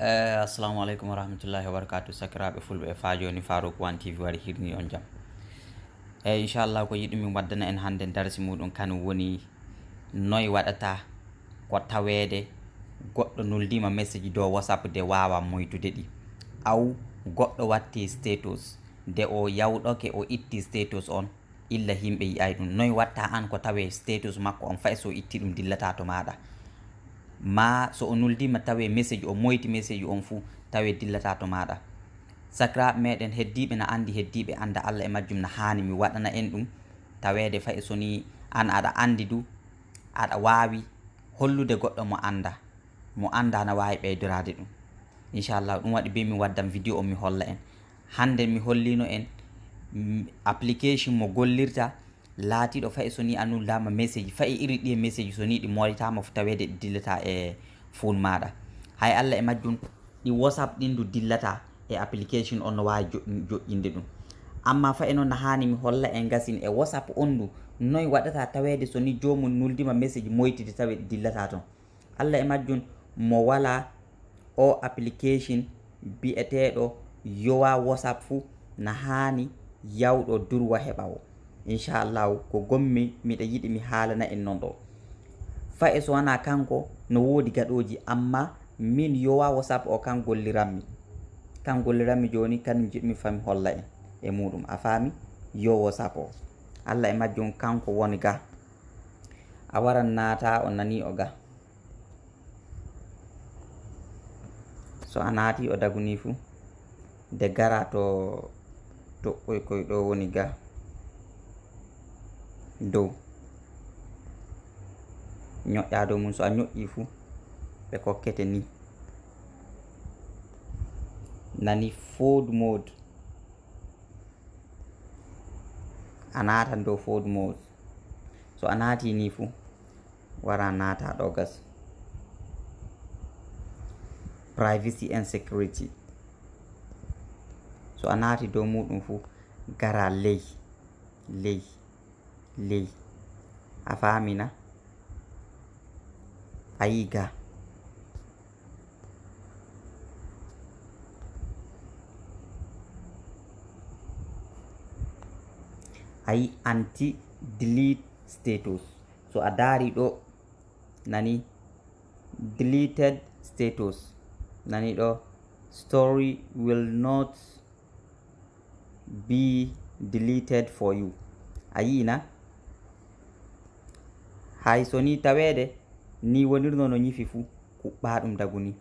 Eh, assalamu aleykum wa rahmatullahi wa barakatu sakiraɓe fulɓe e faa joni farouk wan tv wari hirni on jaam eyyi eh, inchallah ko yiɗi min waddana en hannde darsi muɗum kane woni noye waɗata ko taweede goɗɗo noldima message dow whatsapp de wawa moytude ɗi aw goɗɗo watti status nde o yawɗoke o itti status on illa yimɓe yiyay ɗum noye watta an ko tawe status makko on fay so itti ɗum dillata to maɗa ma so o noldima tawe message o moyti message on fuu tawe dillata to maɗa sakiraɓe meɗen heddiɓe na andi heddiɓe anda allah e majjum na hani mi waɗana en ɗum tawede faye soni an aɗa andi du aɗa wawi hollude goɗɗo mo anda mo anda na wawi ɓeydorade ɗum inchallah ɗum waɗi be mi waddam vidéo o mi holla en hande mi hollino en application mo gollirta laatiiɗo fayi so ni anndudaama message fayi iri ɗi e message so ni ɗi moritaama tawede ɗi dillata e fon maaɗa hay allah e majjum ɗi whatsapp ɗin ndu dillata e application on no waawi joƴƴinde ɗum amma fayi noon no haani mi holla e gasin e whatsapp on ndu noy waɗata taweede so ni joomum nuldima message moytide tawe ɗi dillata toon allah e majjum mo wala o application mbiyeteeɗo yowa whatsapp fuu no haani yawɗo durwa heɓa o inchallahu ko gommi miɗa yiɗi mi haalana en noon ɗo fae so wona kanko no woodi gaɗoji amma min yowa wasap o kan golliranmi kan golliranmi joni kanum jiɗmi fami holla en e muɗum a faami yo wasap o allah e majjo on kanko woni ga a waran naata o nani o ga so a naati o daguni fuu de gara to to koy koy ɗo woni ga dow ño'a dow mum so a ño'i fuu ɓe kokkete ni nani food mode a naatan dow food mode so a naati ni fuu wara naata ɗogas privacy and security so a naati dow muɗum fuu gara ley ley ley a famina a yiga a yi anti delete status so a dari ɗo nani deleted status nani ɗo story will not be deleted for you a yina hay so ni taweede ni wonirno no ñifi fuu huɓɓa ɗum daguni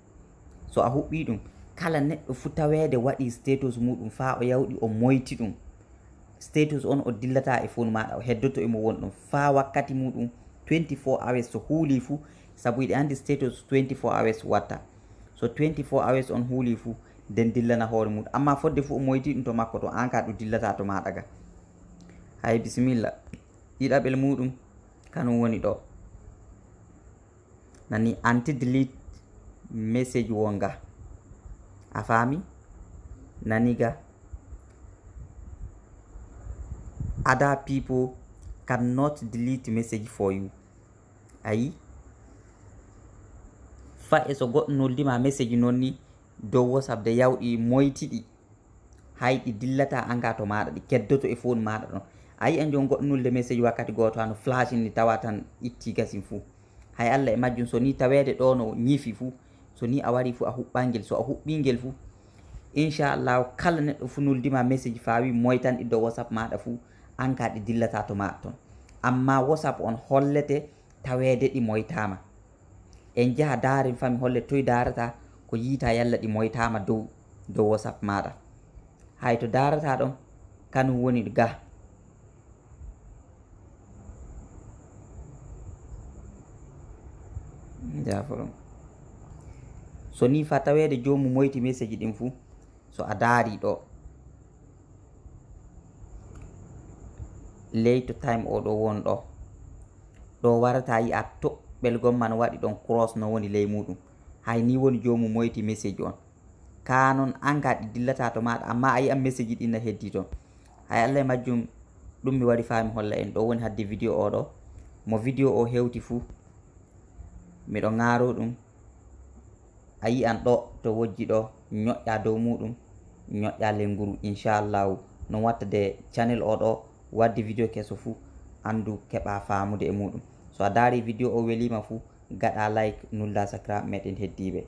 so a huɓɓi ɗum kala neɗɗo fuu taweede waɗi status muɗum faa o yawɗi o moyti ɗum status on o dillata e fon maɗa o heddoto emo won ɗon faa wakkati muɗum 24 hours so huuli fuu sabu iɗi anndi status 24 hours watta so 24 hours on huuli fuu nden dillana hoore muɗum amma fodde fuu o moyti ɗum to makko to an ka ɗum dillata to maɗa ga hay bisimilla yiɗaɓel muɗum Kanu woni ɗo nani anti delete message wonga a faami naniga other people cannot delete message for you ayi fa e so goɗɗo noddima message noon ni dow whatsapp de yawɗi moytiɗi hay ɗi dillata an ga to maɗa ɗi keddoto e phone maɗa ɗon ayi en jo goɗnulde message wakkati goto han flashini tawa tan itti gasin fou hay allah e majjum so ni tawede ɗo no ñiifi fou so ni a wari fou a huɓɓalguel so a huɓɓinguel fou inchallahu kala neɗɗo fou nuldima message fawi moytan iddo whatsapp maɗa fou anka ɗi dillata to maɗa toon amma whatsapp on hollete tawede ɗi moytama en jaaha daren fami holle toye darata ko yiita yalla ɗi moytama dow dow whatsapp maɗa hay to darata ɗon kanum woni ga jafo ɗum so ni fa tawede jomu moyti message ɗin fuu so a daari ɗo leyto time oɗo wonɗo ɗo warata yi'a toɓɓel gonman waɗi ɗon cross no woni ley muɗum hay ni woni jomu moyti message on ka non anga ɗi dillata to maɗa amma a yi'an message ɗin na heddi to hay allah e majjum ɗum mi waɗi faami holla en ɗo woni hadde video oɗo mo video o hewti fuu miɗo ŋaaro ɗum a yi'an ɗo to wojji ɗo ño'a dow muɗum ño'a lenguru inchallahu non watta de channel o ɗo waddi vidéo keso fuu andu keɓa faamude e muɗum so a daari vidéo o welima fuu gaɗa like nulla sacra meɗen heddiɓe